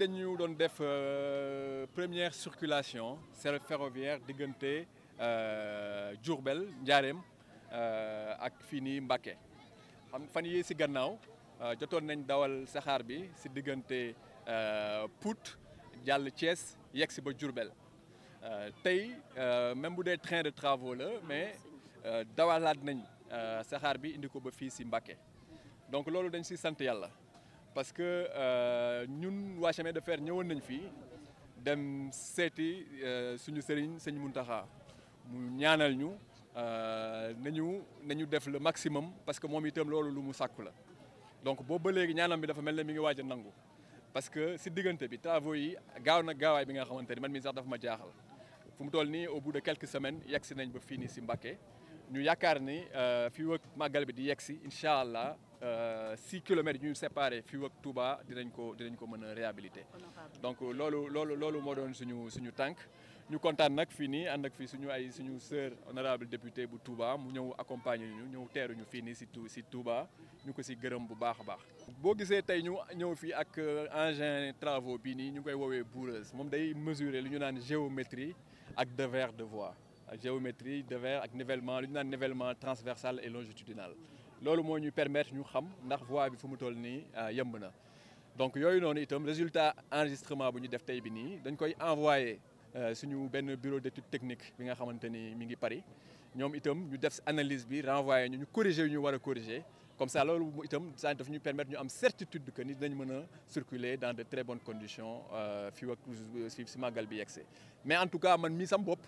dañu doon def euh, première circulation c'est ferroviaire diggante euh, Diourbel Njaareem euh, ak fii nii Mbacké xam fan yi ci gannaaw jotoon nañ dawal saxaar bi si diggante Pout jàll Thiès yegg si ba Diourbel tey même bu dee train de travaux la mais dawalaat nañ saxaar bi indi ko ba fii si Mbacké donc loolu dañ si sant yàlla parce que euh, ñun waa chemin de fer ñëwoon nañ fii dem seeti euh, suñu sëriñ sëñ Muntaxa mu ñaanal ñu euh, nañu nañu def le maximum parce que moom itam loolu lu mu sàkku la donc boobu ba léegi ñaanam bi dafa mel ne mi ngi waaj a nangu parce que si diggante bi travaux yi gaaw na gaawaay bi nga xamante ni man mii sax dafa ma jaaxal fu mu toll nii au bout de quelques semaines yegg si nañ ba fii nii si Mbacké ñu yaakaar ni euh, fii ak màggal bi di yegg si incha allah euh, six kilomètres yu ñu séparé fii ak Touba dinañ ko dinañ ko mën a réhabiliter donc loolu loolu loolu moo doon suñu suñu tànk ñu kontaan nag fii nii ànd ak fii suñu ay suñu sœur honorable député bu Touba mu ñëw accompagner ñu ñëw teeru fii nii si si Touba ñu ko si gërëm bu baax a baax. boo gisee tey ñu ñëw fii ak euh, engin travaux bii nii ñu koy woowee boureuse moom day mesurer lu ñu naan géométrie ak devers de voie. ak géométrie devers ak nivellement lu ñu naan nivellement transversal et longitudinal loolu moo ñu permettre ñu xam ndax voie bi fu mu toll nii euh, yemb na donc yooyu noonu itam résultat enregistrement bu ñu def tey bi nii dañ koy envoyé euh, suñu benn bureau d'étude technique bi nga xamante ni mi ngi Paris ñoom itam ñu def analyse bi renvoyé ñu ñu corriger ñu war a corriger comme ça loolu itam ça daf ñuy permettre ñu am certitude que nit dañ mën a circuler dans de très bonnes conditions euh, fii si màggal bi yegsee mais en tout cas man mii sam bopp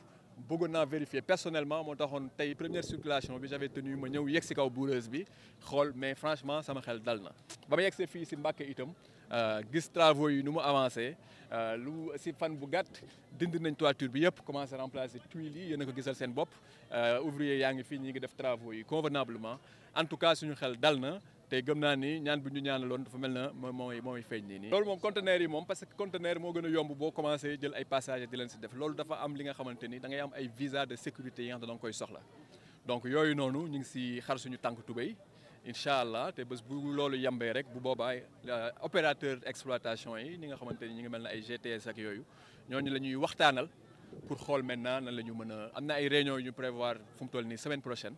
bëggoon naa vérifier personnellement moo taxoon tey première circulation bi j'avais tenu ma ñëw yegg si kaw boureuse bi xool mais franchement sama xel dal na ba ma yeggsee fii si Mbàkke itam euh, gis travaux yi nu mu avancé euh, lu si fan bu gàtt dindi nañ toiture bi yëpp commencé remplacer tuiles yi yéen a ko gisal seen bopp euh, ouvrier yaa ngi fii ñi ngi def travaux yi convenablement en tout cas suñu xel dal na te gëm naa ni ñaan bu ñu ñaanaloon dafa mel na mooy mooy feeñ nii nii loolu moom conteneur yi moom parce que conteneur moo gën a yomb boo commencé jël ay passager di leen si def loolu dafa am li nga xamante ni am ay visa de sécurité yi nga xam koy soxla donc yooyu noonu ñu ngi si xar suñu tànk tubéy incha allah te bés bu loolu yambee rek bu boobaa euh, opérateur exploitation yi ñi nga xamante ni ñu ngi mel na ay GTS ak yooyu ñooñu la ñuy waxtaanal pour xool maintenant nan la ñu mën a am na ay réunion yu ñu prévoir fu mu toll nii semaine prochaine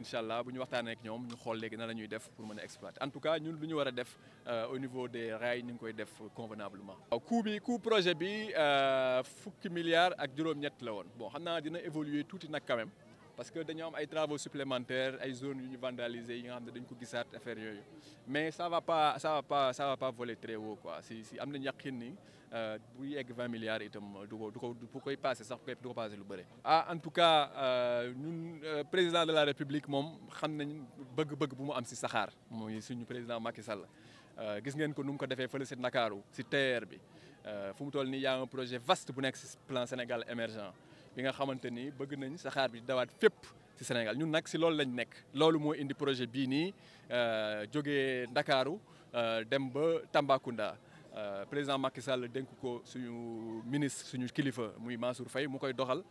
incha allah bu ñu waxtaanee ak ñoom ñu xool léegi na la ñuy def pour mën a en tout cas ñun lu ñu a def euh, au niveau des rails ñu ngi koy def convenablement. ku bi ku projet bi euh, fukki milliards ak juróom-ñett la woon bon xam naa dina évoluer tuuti nag quand parce que dañoo am ay travaux supplémentaires ay zones yu ñu vandalisées yi nga xam ne dañ ko gisaat affaire yooyu mais ça va pas ça va pas ça va pas voler très haut quoi si si am nañu yàqin ni euh, bu yegg vingt milliards itam euh, du ko du ko bu koy passé sax du ko passé lu bëre. ah en tout cas euh, ñun président de la république moom xam nañ bëgg-bëgg bu mu am si saxaar mooy suñu président Macky Sall gis ngeen ko nu mu ko defee fële si Ndakaaru si TER bi fu mu toll nii y un projet vaste bu nekk si plan Sénégal émergent. bi nga xamante ni bëgg nañ saxaar bi dawaat fépp ci Sénégal ñun nag si loolu lañ nekk loolu moo indi projet bii nii euh, jógee Ndakaaru euh, dem ba Tambacounda euh, président Macky Sall dénk ko suñu ministre suñu kilifa muy Mansour Faye mu koy doxal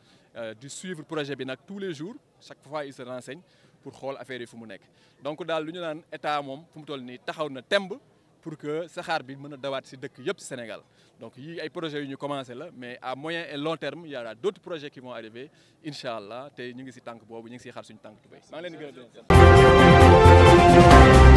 di suivre projet bi nag tous les jours chaque fois il se renseigne pour xool affaire yi fu mu nekk donc daal lu ñu naan état moom fu mu toll nii taxaw na temb pour que saxaar bi mën a dawaat si dëkk yëpp Sénégal donc yi ay projets yu ñu commencé la mais à moyen et long terme y aura d' autres projets qui vont arriver incha allah te ñu ngi si tànk boobu ñu ngi si xaar suñu tànk tubéy maa ngi leen di